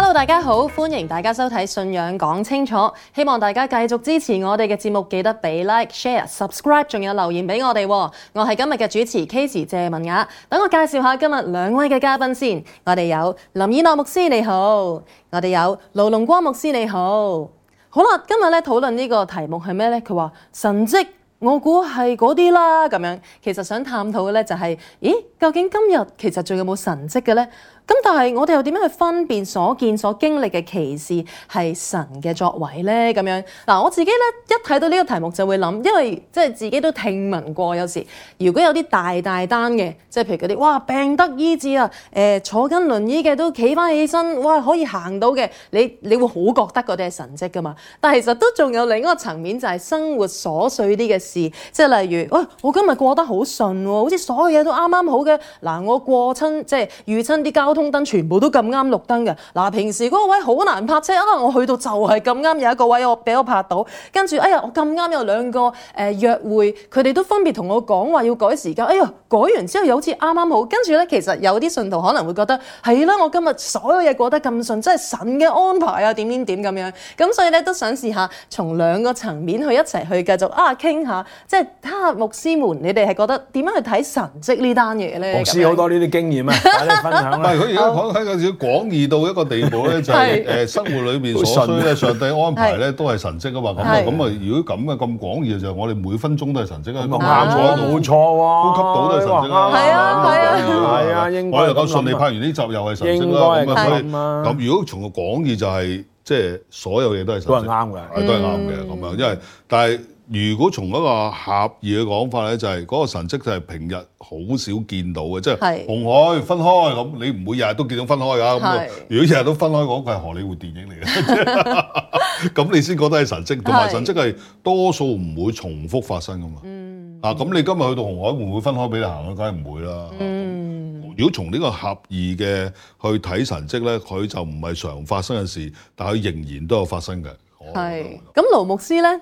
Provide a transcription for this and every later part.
Hello，大家好，歡迎大家收睇《信仰講清楚》，希望大家繼續支持我哋嘅節目，記得俾 like、share、subscribe，仲有留言俾我哋。我係今日嘅主持 Casey 謝文雅，等我介紹一下今日兩位嘅嘉賓先。我哋有林以諾牧師，你好；我哋有盧龍光牧師，你好。好啦，今日咧討論呢個題目係咩呢？佢話神蹟，我估係嗰啲啦，咁樣。其實想探討嘅呢就係、是，咦，究竟今日其實仲有冇神蹟嘅呢？咁但係我哋又點樣去分辨所見所經歷嘅奇事係神嘅作為呢？咁樣嗱，我自己咧一睇到呢個題目就會諗，因為即係自己都聽聞過。有時如果有啲大大單嘅，即係譬如嗰啲哇病得醫治啊，呃、坐緊輪椅嘅都企翻起身，哇可以行到嘅，你你會好覺得嗰啲係神跡噶嘛？但係其實都仲有另一個層面，就係、是、生活瑣碎啲嘅事，即係例如，哇我今日過得好順喎，好似所有嘢都啱啱好嘅。嗱、啊、我過親即係遇親啲交。通燈全部都咁啱綠燈嘅，嗱，平時嗰個位好難泊車啊！我去到就係咁啱有一個位，我俾我泊到，跟住哎呀我咁啱有兩個誒、呃、約會，佢哋都分別同我講話要改時間。哎呀改完之後又好似啱啱好，跟住咧其實有啲信徒可能會覺得係啦、哎，我今日所有嘢過得咁順，即係神嘅安排啊點點點咁樣，咁所以咧都想試下從兩個層面去一齊去繼續啊傾下，即係睇下牧師們你哋係覺得點樣去睇神蹟呢單嘢咧？牧師好多呢啲經驗啊，大家 分享啦！而家講喺個少廣義到一個地步咧，就係誒生活裏邊所需咧，上帝安排咧都係神蹟啊嘛！咁啊咁啊，如果咁嘅咁廣義就，我哋每分鐘都係神蹟啊！冇錯，冇錯喎，呼吸到都係神蹟啦！係啊，係啊，係啊，我又夠順利拍完呢集又係神蹟啦！咁啊，咁如果從個廣義就係即係所有嘢都係神，都係啱嘅，都係啱嘅咁樣，因為但係。如果從一個狹義嘅講法咧，就係、是、嗰個神跡就係平日好少見到嘅，即係是紅海分開咁，你唔會日日都見到分開啊！是如果日日都分開，講佢係荷里活電影嚟嘅，咁 你先覺得係神跡。同埋神跡係多數唔會重複發生噶嘛。是啊，咁你今日去到紅海會唔會分開俾你行啊？梗係唔會啦、嗯啊。如果從呢個狹義嘅去睇神跡咧，佢就唔係常發生嘅事，但佢仍然都有發生嘅。係是。咁羅牧師咧？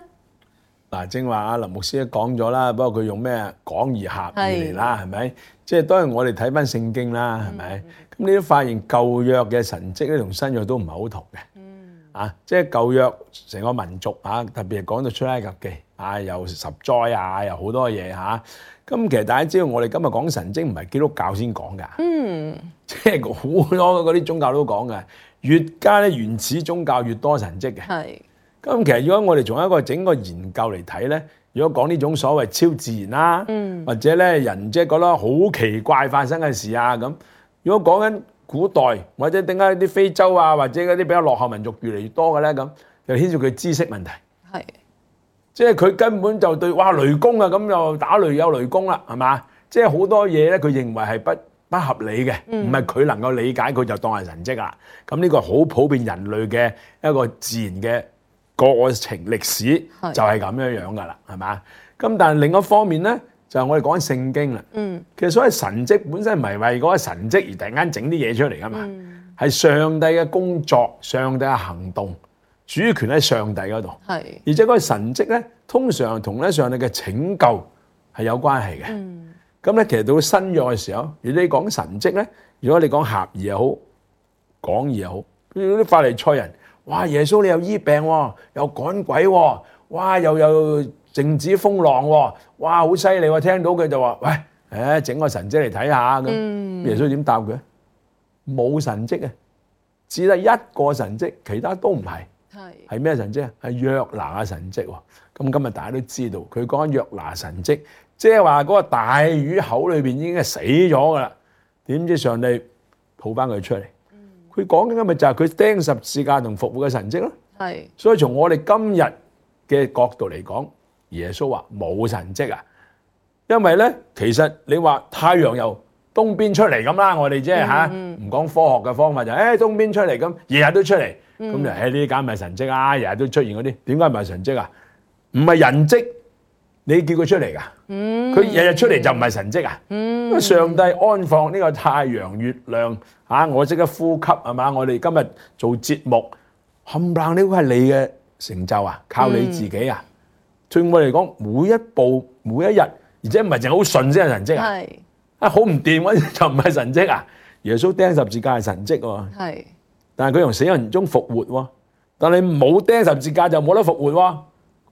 正話阿林牧師都講咗啦，不過佢用咩廣義狹義嚟啦，係咪的？即係當然我哋睇翻聖經啦，係咪？咁、嗯、你都發現舊約嘅神蹟咧，同新約都唔係好同嘅。啊，即係舊約成個民族啊，特別係講到出埃及啊，又十災啊，又好多嘢吓。咁、啊、其實大家知道我哋今日講神迹唔係基督教先講噶，嗯，即係好多嗰啲宗教都講噶，越加咧原始宗教越多神蹟嘅，係。咁其實如果我哋從一個整個研究嚟睇咧，如果講呢種所謂超自然啦，嗯、或者咧人即係覺得好奇怪發生嘅事啊咁，如果講緊古代或者點解啲非洲啊或者嗰啲比較落後民族越嚟越多嘅咧咁，又牽涉佢知識問題，係是即係佢根本就對哇雷公啊咁又打雷有雷公啦係嘛？即係好多嘢咧佢認為係不不合理嘅，唔係佢能夠理解佢就當係神跡啦。咁、嗯、呢個好普遍人類嘅一個自然嘅。過程歷史就係咁樣樣噶啦，係嘛是？咁但係另一方面咧，就係、是、我哋講聖經啦。嗯，其實所謂神跡本身唔係為嗰個神跡而突然間整啲嘢出嚟噶嘛，係、嗯、上帝嘅工作，上帝嘅行動，主權喺上帝嗰度。係是，而且嗰個神跡咧，通常同咧上帝嘅拯救係有關係嘅。咁咧、嗯嗯、其實到新約嘅時候，如果你講神跡咧，如果你講狹義又好，廣義又好，啲法利賽人。哇！耶穌你又醫病，又趕鬼，哇！又又靜止風浪，哇！好犀利，聽到佢就話：喂，誒，整個神蹟嚟睇下。咁、嗯、耶穌點答佢？冇神蹟啊，只得一個神蹟，其他都唔係。係咩神蹟啊？係約拿嘅神蹟。咁今日大家都知道，佢講約拿神蹟，即係話嗰個大魚口裏邊已經死咗噶啦，點知上帝抱翻佢出嚟。佢講緊嘅咪就係佢釘十字架同復活嘅神跡咯，係是。所以從我哋今日嘅角度嚟講，耶穌話冇神跡啊，因為咧其實你話太陽由東邊出嚟咁啦，我哋即係吓，唔講、嗯嗯啊、科學嘅方法就，誒、哎、東邊出嚟咁，日日都出嚟，咁、嗯、就誒呢啲梗係唔係神跡啊？日日都出現嗰啲，點解唔係神跡啊？唔係人跡。你叫佢出嚟㗎，佢日日出嚟就唔係神迹啊。嗯、上帝安放呢個太陽、月亮啊，我即刻呼吸係嘛？我哋今日做節目冚唪唥，呢個係你嘅成就啊！靠你自己啊！嗯、對我嚟講，每一步、每一日，而且唔係淨係好順先係神迹是啊！啊，好唔掂或就唔係神迹啊！耶穌釘十字架係神跡喎，是但係佢從死人中復活喎，但係你冇釘十字架就冇得復活喎。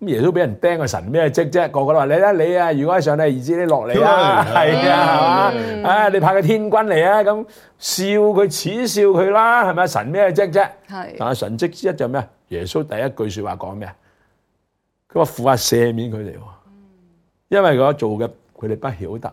噉耶穌俾人釘個神咩蹟啫？個個都話你咧你啊，如果係上帝兒子，你落嚟啦，係啊，係嘛？啊，你派個天君嚟啊，咁笑佢恥笑佢啦，係咪神咩蹟啫？係，但係神蹟之一就係咩啊？耶穌第一句說話講咩啊？佢話，父啊，赦免佢哋喎，因為佢做嘅佢哋不曉得。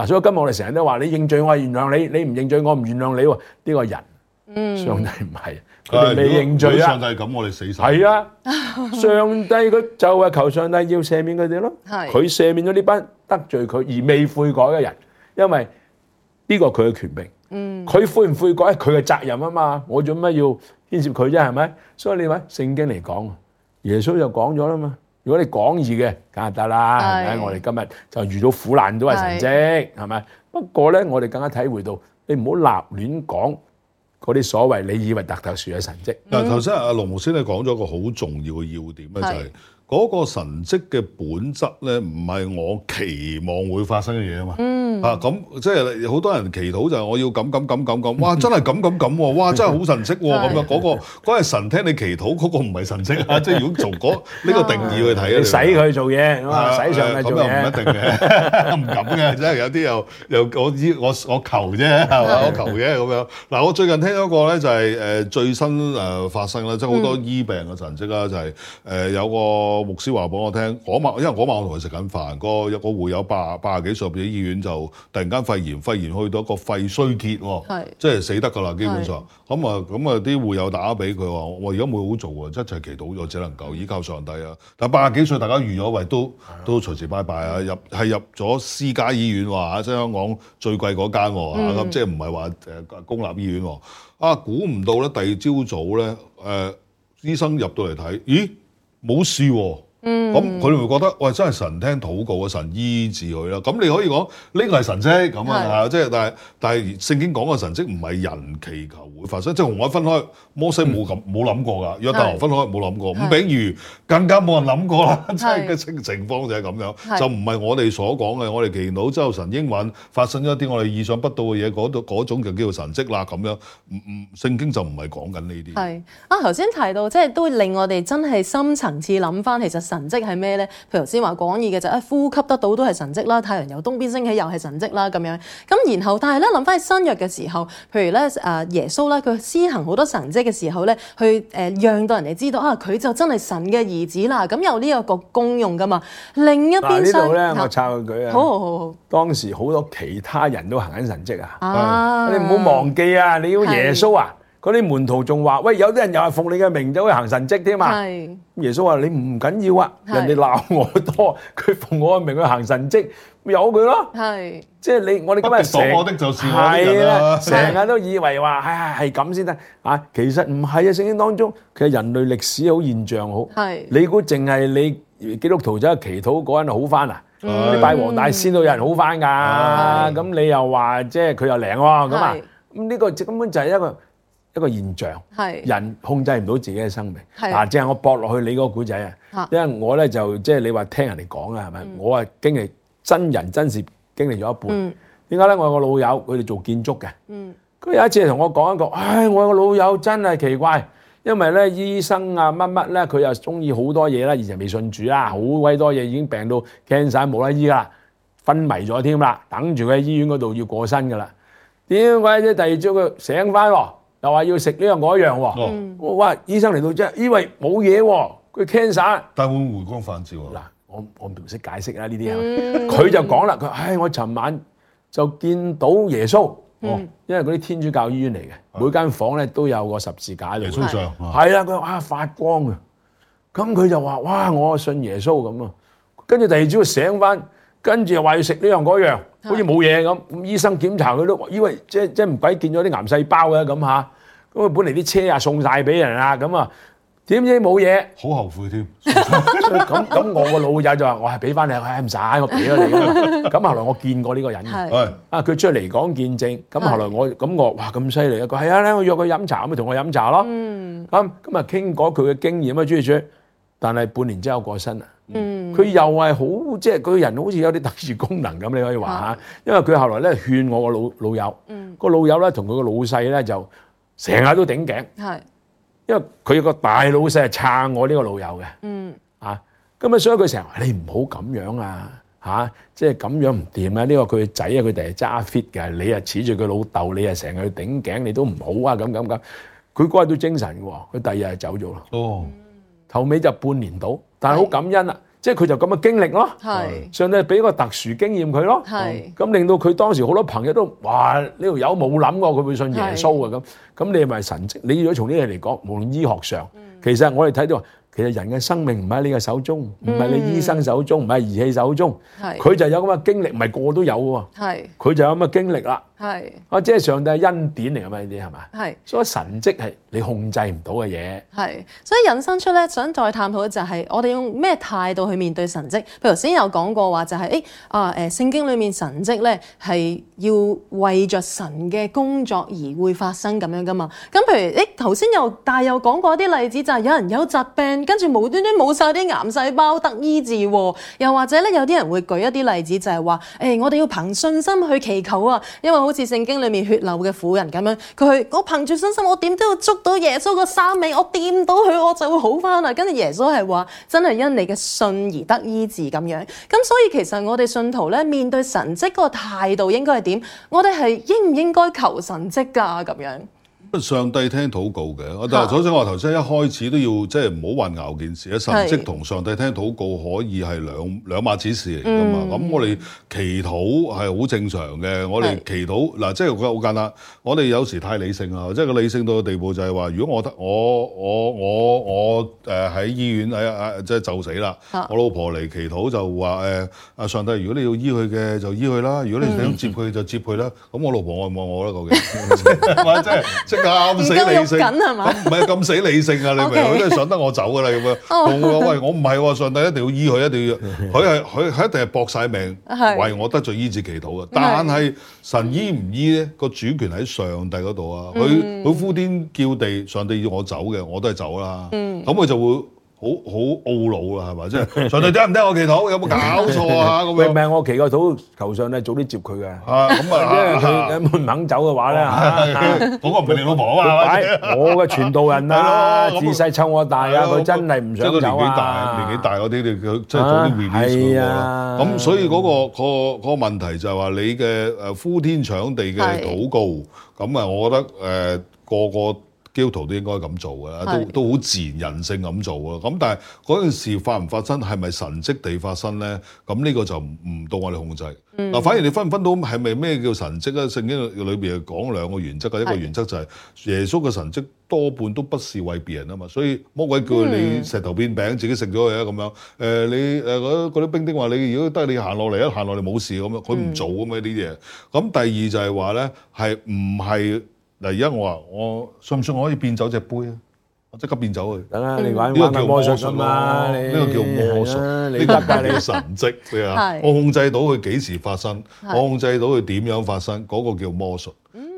嗱，所以今日我哋成日都話，你認罪我係原諒你，你唔認罪我唔原諒你喎。呢個人，嗯，上帝唔係佢哋未認罪啊。上帝咁，我哋死晒係啊！上帝佢就係求上帝要赦免佢哋咯，係佢赦免咗呢班得罪佢而未悔改嘅人，因為呢個係佢嘅權柄，嗯，佢悔唔悔改，佢嘅責任啊嘛，我做咩要牽涉佢啫？係咪？所以你話聖經嚟講，耶穌就講咗啦嘛。如果你講義嘅，梗係得啦，係咪是？我哋今日就遇到苦難都係神蹟，係咪是？不過咧，我哋更加體會到，你唔好立亂講嗰啲所謂你以為特特殊嘅神蹟。嗱、嗯，頭先阿龍牧師咧講咗個好重要嘅要點咧，是就係嗰個神蹟嘅本質咧，唔係我期望會發生嘅嘢啊嘛。嗯。啊咁即係好多人祈禱就係我要咁咁咁咁咁，哇真係咁咁咁喎，哇真係好神跡喎咁樣嗰、那個嗰係神聽你祈禱嗰、那個唔係神跡啊！即係如果做呢、那個、 個定義去睇，使佢、啊、做嘢係嘛？使、啊、上帝做嘢咁又唔一定嘅，唔 敢嘅，即係有啲又又我我我求啫係嘛？我求嘢。咁樣嗱， 我最近聽咗個咧就係誒最新誒發生啦，即係好多醫病嘅神跡啦， 就係誒有個牧師話俾我聽，晚、那個、因為我晚我同佢食緊飯，個、那、有個會友八八廿幾歲，入醫院就。突然間肺炎，肺炎去到一個肺衰竭喎、哦，是即係死得噶啦，基本上。咁啊是，咁啊，啲會友打俾佢話：我而家冇好做喎，一齊祈禱咗，只能夠依靠上帝啊！但係八十幾歲，大家預咗為都都隨時拜拜啊！入係入咗私家醫院話，即、啊、係香港最貴嗰間、啊嗯、即係唔係話誒公立醫院啊？估唔到咧，第二朝早咧，誒、啊、醫生入到嚟睇，咦，冇事喎、啊！嗯，咁佢哋會覺得，喂，真係神聽禱告啊，神醫治佢啦。咁你可以講呢個係神跡咁啊，即係的但係但係聖經講嘅神跡唔係人祈求會發生，的即係紅海分開，摩西冇咁冇諗過㗎，約旦河分開冇諗過，五餅魚更加冇人諗過啦，的即係嘅情況就係咁樣，的就唔係我哋所講嘅，我哋祈禱之後神應允發生一啲我哋意想不到嘅嘢，嗰度嗰種就叫神跡啦咁樣，唔唔，聖經就唔係講緊呢啲。係啊，頭先提到即係都會令我哋真係深層次諗翻，其實。神蹟係咩咧？佢頭先話廣義嘅就是，啊呼吸得到都係神蹟啦，太陽由東邊升起又係神蹟啦，咁樣咁然後，但係咧諗翻去新約嘅時候，譬如咧啊耶穌咧，佢施行好多神蹟嘅時候咧，去誒讓到人哋知道啊佢就真係神嘅兒子啦。咁有呢個個功用噶嘛？另一邊新。呢度咧我插佢句啊，句啊好，好好好。當時好多其他人都行緊神蹟啊，啊是你唔好忘記啊，你要耶穌啊。嗰啲門徒仲話，喂，有啲人又係奉你嘅名走去行神蹟添嘛？係。咁耶穌話，你唔緊要啊，人哋鬧我多，佢奉我嘅名去行神蹟，咪由佢咯。係。即係你，我哋今日食我的就是我啦，成日都以為話係係咁先得啊。其實唔係啊，聖經當中其實人類歷史好現象好。係。你估淨係你基督徒走去祈禱嗰陣好翻啊？你拜黃大仙都有人好翻㗎。咁你又話即係佢又靈喎咁啊？咁呢個根本就係一個。一個現象係人控制唔到自己嘅生命。嗱是、啊，正係我駁落去你嗰個古仔啊，是因為我咧就即係、就是、你話聽人哋講啊，係咪？嗯、我啊經歷真人真事經歷咗一半。點解咧？我有個老友，佢哋做建築嘅。佢、嗯、有一次同我講一個，唉、哎，我有個老友真係奇怪，因為咧醫生啊乜乜咧，佢又中意好多嘢啦，而且未信住啦，好鬼多嘢，已經病到 cancer 晒冇得醫啦，昏迷咗添啦，等住佢喺醫院嗰度要過身噶啦。點解啫？第二朝佢醒翻喎！又話要食呢、這個、樣嗰樣喎，我、哦、醫生嚟到即係以為冇嘢喎，佢 cancer，但會,會回光返照喎、啊。嗱，我我唔識解釋啦呢啲啊，佢、嗯、就講啦，佢唉我尋晚就見到耶穌，嗯哦、因為嗰啲天主教醫院嚟嘅，啊、每間房咧都有個十字架喺耶穌上，係、啊、啦，佢話啊,啊發光啊。咁佢就話哇我信耶穌咁啊，跟住第二朝醒翻，跟住又話要食呢樣嗰樣。好似冇嘢咁，咁醫生檢查佢都，以為即即唔鬼見咗啲癌細胞嘅咁嚇，咁啊本嚟啲車啊送晒俾人啊咁啊，點知冇嘢？好後悔添。咁咁 我個老友就話、哎：我係俾翻你，唉唔使，我俾咗你。咁後來我見過呢個人，係啊佢出嚟講見證。咁後來我感覺哇咁犀利啊！佢係啊咧，我約佢飲茶，咁啊同我飲茶咯。嗯。咁咁啊傾過佢嘅經驗啊，諸如此類。但係半年之後過身啊。嗯，佢又係好即係個人好似有啲特殊功能咁，你可以話嚇。嗯、因為佢後來咧勸我個老老友，嗯、個老友咧同佢個老細咧就成日都頂頸，係是因為佢個大老細係撐我呢個老友嘅。嗯，啊，咁啊，所以佢成日話你唔好咁樣啊，嚇、啊，即係咁樣唔掂啊！呢、呢個佢仔啊，佢哋係揸 fit 嘅，你啊恃住佢老豆，你啊成日去頂頸，你都唔好啊！咁咁咁，佢嗰日都精神嘅，佢第二日就走咗咯。哦，頭尾就半年到。但係好感恩啊！是即係佢就咁嘅經歷咯，是上帝俾個特殊經驗佢咯，咁是、嗯、令到佢當時好多朋友都話呢度有冇諗過佢會信耶穌嘅咁。咁是你係咪神蹟？你要如果從呢啲嚟講，無論醫學上，嗯、其實我哋睇到，其實人嘅生命唔喺你嘅手中，唔係、嗯、你醫生手中，唔係儀器手中，佢是就有咁嘅經歷，唔係個個都有喎。佢是就有咁嘅經歷啦。係，我只係上帝嘅恩典嚟㗎嘛？呢啲係嘛？係是，所以神蹟係你控制唔到嘅嘢。係，所以引申出咧，想再探討嘅就係我哋用咩態度去面對神蹟？譬如頭先有講過話就係、是，誒、哎、啊誒，聖經裡面神蹟咧係要為着神嘅工作而會發生咁樣㗎嘛？咁譬如誒頭先又但又講過一啲例子，就係有人有疾病，跟住無端端冇晒啲癌細胞得醫治、哦，又或者咧有啲人會舉一啲例子、就是，就係話，誒我哋要憑信心去祈求啊，因為。好似聖經裏面血流嘅婦人咁樣，佢我憑住信心，我點都要捉到耶穌個衫尾，我掂到佢，我就會好翻啦。跟住耶穌係話，真係因你嘅信而得醫治咁樣。咁所以其實我哋信徒咧面對神蹟嗰個態度應該係點？我哋係應唔應該求神蹟噶啊？咁樣？上帝聽禱告嘅，是我但係，首先我頭先一開始都要即係唔好混淆件事，是神蹟同上帝聽禱告可以係兩兩碼子事嚟噶嘛？咁、嗯、我哋祈禱係好正常嘅，是我哋祈禱嗱，即係我覺得好簡單。我哋有時太理性啦，即係個理性到個地步就係話，如果我得我我我我誒喺醫院誒誒、呃、即係就死啦，是我老婆嚟祈禱就話誒、呃、上帝，如果你要醫佢嘅就醫佢啦，如果你想接佢就接佢啦，咁我老婆愛唔愛我啦？究竟、 就是？或者即係即咁死理性，咁唔係咁死理性啊！你明佢都係想得我走噶啦，咁樣，我話喂，我唔係喎！上帝一定要醫佢，一定要，佢係佢佢一定係搏晒命，為我得罪醫治祈禱啊！但係神醫唔醫咧，個主權喺上帝嗰度啊！佢佢呼天叫地，上帝要我走嘅，我都係走啦。咁佢就會。好好懊惱啦，係嘛？即係上帝聽唔聽我祈禱？有冇搞錯啊？咁樣命命我祈個禱，求上你早啲接佢嘅。啊咁啊，即係佢如果唔肯走嘅話咧嚇，嗰個唔係你老婆啊嘛，我嘅傳道人啦，自細湊我大啊，佢真係唔想走。即係佢年紀大？年紀大嗰啲咧，佢即係早啲 release 嗰個啦。咁所以嗰個嗰個嗰個問題就係話你嘅誒呼天搶地嘅禱告，咁啊，我覺得誒個個。基督徒都應該咁做嘅，都是都好自然人性咁做啊！咁但係嗰件事發唔發生，係咪神蹟地發生咧？咁、這、呢個就唔到我哋控制。嗱、嗯，反而你分唔分到係咪咩叫神蹟啊？聖經裏面講兩個原則是一個原則就係耶穌嘅神蹟多半都不是為別人啊嘛。所以魔鬼叫你石頭變餅，嗯、自己食咗佢啊咁樣。誒你嗰啲兵丁話你，如、呃、果得你行落嚟一行落嚟冇事咁樣，佢唔做啊嘛呢啲嘢。咁、嗯嗯、第二就係話咧，係唔係？嗱，而家我話我信唔信我可以變走隻杯啊？我即刻變走佢。等下你玩呢個叫魔術啦，呢個叫魔術，呢個唔係神蹟。我控制到佢幾時發生，我控制到佢點樣發生，嗰個叫魔術。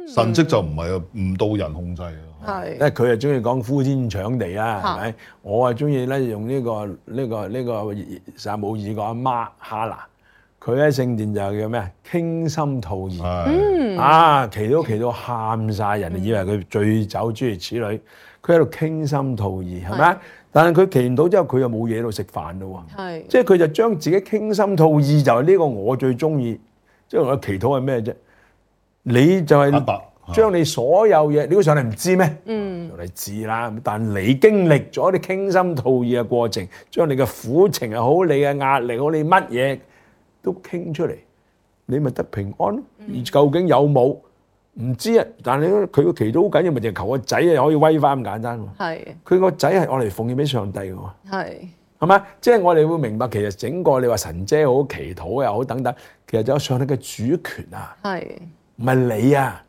神蹟就唔係啊，唔到人控制咯。係、嗯，因為佢啊中意講呼天搶地啊，係咪？我啊中意咧用呢個呢個呢個撒母耳個阿媽哈拿。佢喺聖殿就係叫咩啊？傾心吐意，是啊，祈禱祈禱喊晒，人哋以為佢醉酒，諸如此類。佢喺度傾心吐意，係咪啊？是但係佢祈完禱之後，佢又冇嘢喺度食飯咯喎。是即係佢就將自己傾心吐意，是就係呢個我最中意。即、就、係、是、我嘅祈禱係咩啫？你就係將你所有嘢你攞上嚟，唔是知咩？嗯，嚟知啦。但你經歷咗啲傾心吐意嘅過程，將你嘅苦情又好，你嘅壓力好，你乜嘢？都傾出嚟，你咪得平安。嗯、究竟有冇唔知啊？但係咧，佢個祈禱好緊要，咪就求個仔啊，可以威翻咁簡單。係佢個仔係我嚟奉獻俾上帝嘅喎。係係嘛？即係我哋會明白，其實整個你話神跡好，祈禱又好等等，其實就係上帝嘅主權啊。係唔係你啊？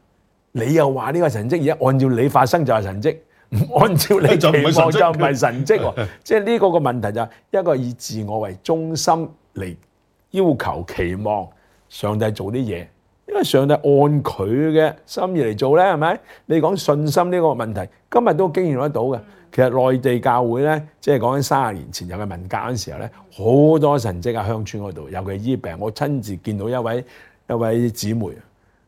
你又話呢個神跡，而家按照你發生就係神跡，唔按照你期望就唔係神跡。神啊啊、即係呢個個問題就係、係、一個以自我為中心嚟。要求期望上帝做啲嘢，因為上帝按佢嘅心意嚟做咧，係咪？你講信心呢個問題，今日都經驗得到嘅。其實內地教會咧，即係講緊三十年前有係文革嗰陣時候咧，好多神蹟啊，鄉村嗰度，尤其醫病。我親自見到一位一位姊妹，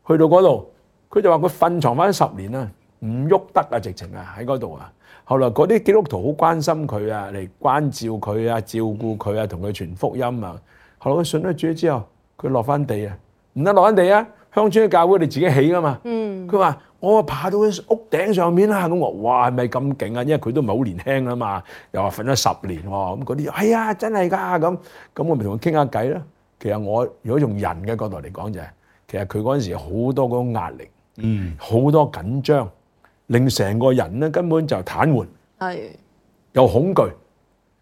去到嗰度，佢就話佢瞓床翻十年啦，唔喐得啊，直情啊喺嗰度啊。後來嗰啲基督徒好關心佢啊，嚟關照佢啊，照顧佢啊，同佢傳福音啊。佢信咗主之後，佢落翻地啊，唔得落翻地啊！鄉村嘅教會，你自己起噶嘛？嗯，佢話我爬到佢屋頂上面啦，咁我哇係咪咁勁啊？因為佢都唔係好年輕啊嘛，又話瞓咗十年喎，咁嗰啲係啊，真係噶咁，咁我咪同佢傾下偈啦。其實我如果從人嘅角度嚟講就係，其實佢嗰陣時好多嗰種壓力，嗯，好多緊張，令成個人咧根本就癱瘓，係又恐懼，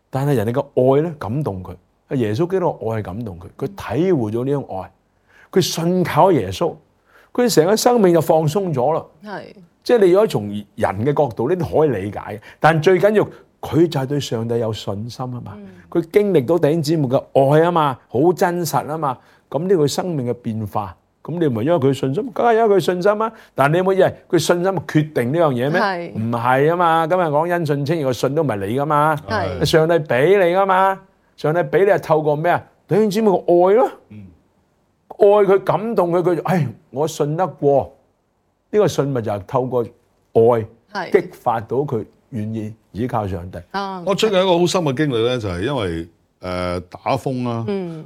但係人哋嘅愛咧感動佢。耶穌基督，嘅愛感動佢，佢體會咗呢種愛，佢信靠耶穌，佢成個生命就放鬆咗啦。係是，即係你如果從人嘅角度，呢啲可以理解嘅。但係最緊要佢就係對上帝有信心啊嘛。佢、嗯、經歷到弟兄姊妹嘅愛啊嘛，好真實啊嘛。咁呢個生命嘅變化，咁你唔係因為佢信，信心，梗係因為佢信心啊。但係你有冇以為佢信心決定呢樣嘢咩？唔係啊嘛。今日講因信稱義，個信都唔係你噶嘛，是上帝俾你噶嘛。上帝俾你係透過咩啊？弟兄姊妹個愛咯，愛佢感動佢，佢就唉，我信得過。呢、這個信物就係透過愛激發到佢願意依靠上帝，是我最近一個好深嘅經歷咧，就係因為誒、呃、打風啦、啊，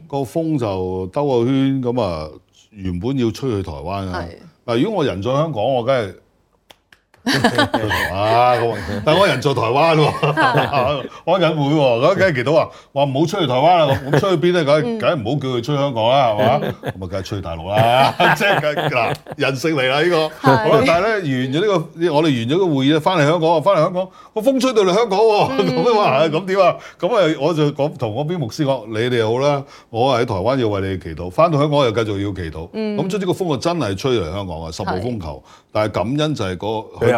個、嗯、風就兜個圈咁啊，原本要吹去台灣啊。嗱是，如果我人在香港，我梗係啊！ 但係我人做台灣喎，我人會咁跟住祈禱話：話唔好出去台灣啦，咁出去邊咧？梗係梗係唔好叫佢出去香港啦，係嘛、嗯？咁啊，梗係吹大陸啦！即係嗱，人性嚟啦呢個。是但係咧，完咗呢、呢個，我哋完咗個會議咧，翻嚟香港啊，翻嚟香港，個風吹到嚟香港喎，咁樣點啊？咁啊，我就講同嗰邊牧師講：你哋好啦，我喺台灣要為你祈禱，翻到香港又繼續要祈禱。咁出呢個風啊，真係吹嚟香港啊，十號風球。但係感恩就係、嗰個。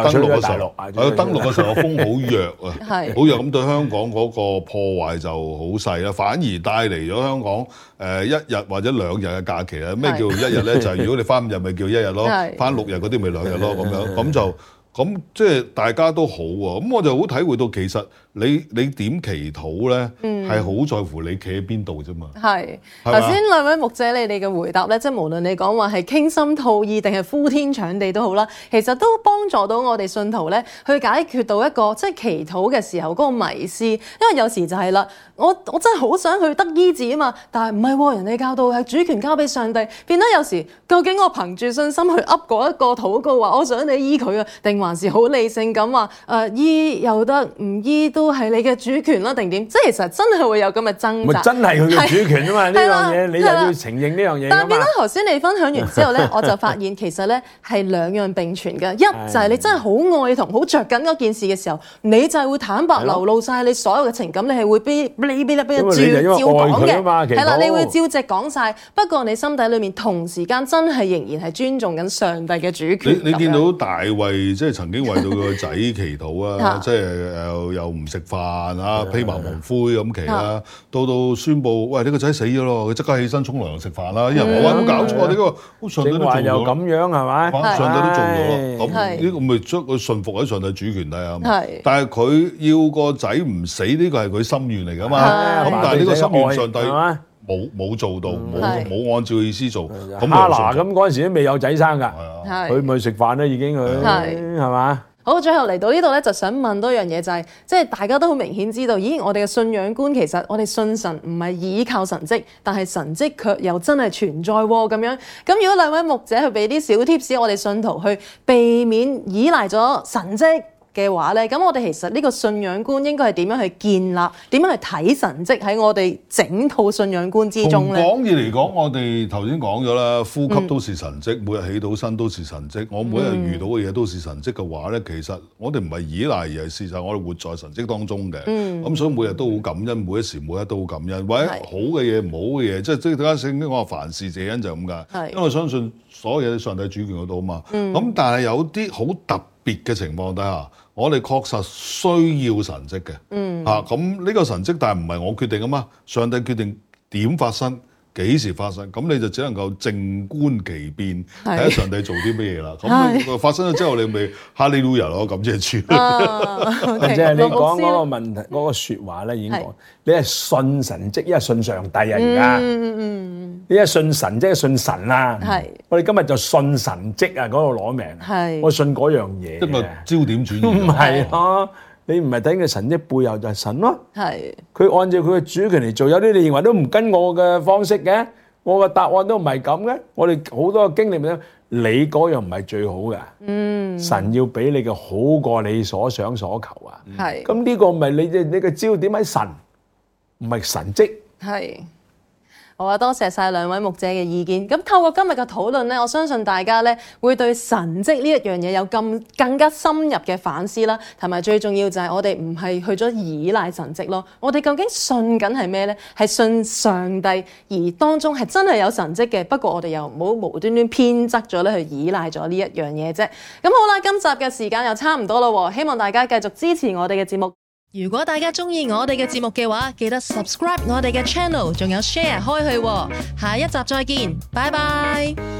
登陸嘅時候，陸啊、登陸嘅時候風好弱啊，好 是弱，咁對香港嗰個破壞就好細啦，反而帶嚟咗香港誒、呃、一日或者兩日嘅假期啊！咩叫一日咧？就係、是、如果你返五日，咪叫一日咯；返 是六日嗰啲，咪兩日咯咁樣，咁就咁即係大家都好喎、啊。咁我就好體會到其實。你你點祈禱咧？係、嗯、好在乎你企喺邊度啫嘛？係頭先兩位牧者你哋嘅回答咧，即係無論你講話係傾心吐意定係呼天搶地都好啦，其實都幫助到我哋信徒咧去解決到一個即係、就是、祈禱嘅時候個迷思，因為有時就係、是、啦，我我真係好想去得醫治啊嘛，但係唔係人哋教導係主權交俾上帝，變得有時究竟我憑住信心去噏嗰一個禱告話我想你醫佢啊，定還是好理性咁話誒醫又得唔醫都？都係你嘅主權咯，定點？即係其實真係會有咁嘅爭執，真係佢嘅主權啊嘛！呢樣嘢你又要承認呢樣嘢。但係變啦，頭先你分享完之後咧， 我就發現其實咧係兩樣並存嘅。 一就係、係、你真係好愛同好着緊嗰件事嘅時候，你就係會坦白流露晒你所有嘅情感，的你係會邊呢邊粒邊轉照講嘅。因係啦，你會照直講晒。不過你心底裡面同時間真係仍然係尊重緊上帝嘅主權。你你見到大衛即係曾經為到佢個仔祈禱啊， 即係有。唔～食飯啊，披麻蒙灰咁其啦，到到宣佈，喂呢個仔死咗咯，佢即刻起身沖涼食飯啦，啲人話喂冇搞錯啊，呢個好上又都咁樣係嘛，上帝都做到啦，咁呢個咪將佢順服喺上帝主權底下，但係佢要個仔唔死，呢個係佢心願嚟㗎嘛，咁但係呢個心願，上帝冇冇做到，冇冇按照意思做，咁哈拿咁嗰陣時都未有仔生㗎，佢咪食飯啦已經佢係嘛？好，最後嚟到呢度呢，就想問多一樣嘢，就係即係大家都好明顯知道，咦，我哋嘅信仰觀其實我哋信神唔係倚靠神蹟，但係神蹟卻又真係存在喎、啊、咁樣。咁如果兩位牧者去俾啲小 tips，我哋信徒去避免依賴咗神蹟，嘅話咧，咁我哋其實呢個信仰觀應該係點樣去建立？點樣去睇神蹟喺我哋整套信仰觀之中咧？從講義嚟講，我哋頭先講咗啦，呼吸都是神蹟、嗯、每日起到身都是神蹟，我每日遇到嘅嘢都是神蹟嘅話咧，嗯、其實我哋唔係依賴，而係事實，我哋活在神蹟當中嘅。咁、嗯、所以每日都好感恩，每一時每一都好感恩，或者好嘅嘢、唔是好嘅嘢，即係即係大家醒起我話凡事謝恩就係咁解。是因為我相信所有嘢上帝主權嗰度啊嘛。咁、嗯、但係有啲好特別嘅情況底下。我哋確實需要神迹嘅，嗯、啊咁呢個神蹟但係唔係我決定嘅嘛？上帝決定點發生，幾時發生，咁你就只能夠靜觀其變，睇下是上帝做啲乜嘢啦。咁是發生咗之後你，你咪 哈利路亞咯，感謝主。就係你講嗰個問題，嗰、嗰個説話咧已經講，是你係信神蹟因為信上帝啊，而家、嗯。嗯你係信神，即係信神啦。係，我哋今日就信神蹟啊！嗰度攞命，我信嗰樣嘢，即係咪焦點轉？唔係咯，你唔係等個神蹟背後就係神咯。係，佢按照佢嘅主權嚟做，有啲你認為都唔跟我嘅方式嘅，我嘅答案都唔係咁嘅。我哋好多嘅經歷咪咧，你嗰樣唔係最好嘅。嗯，神要俾你嘅好過你所想所求啊。係，咁呢個唔係你嘅你嘅焦點喺神，唔係神蹟。係。好啊，多謝晒兩位牧者嘅意見。咁透過今日嘅討論咧，我相信大家咧會對神蹟呢一樣嘢有咁更加深入嘅反思啦。同埋最重要就係我哋唔係去咗依賴神蹟咯。我哋究竟信緊係咩咧？係信上帝，而當中係真係有神蹟嘅。不過我哋又唔好無端端偏執咗咧，去依賴咗呢一樣嘢啫。咁好啦，今集嘅時間又差唔多喎，希望大家繼續支持我哋嘅節目。如果大家中意我哋嘅節目嘅話，記得 subscribe 我哋嘅 channel，仲有 share 開去。下一集再見，拜拜。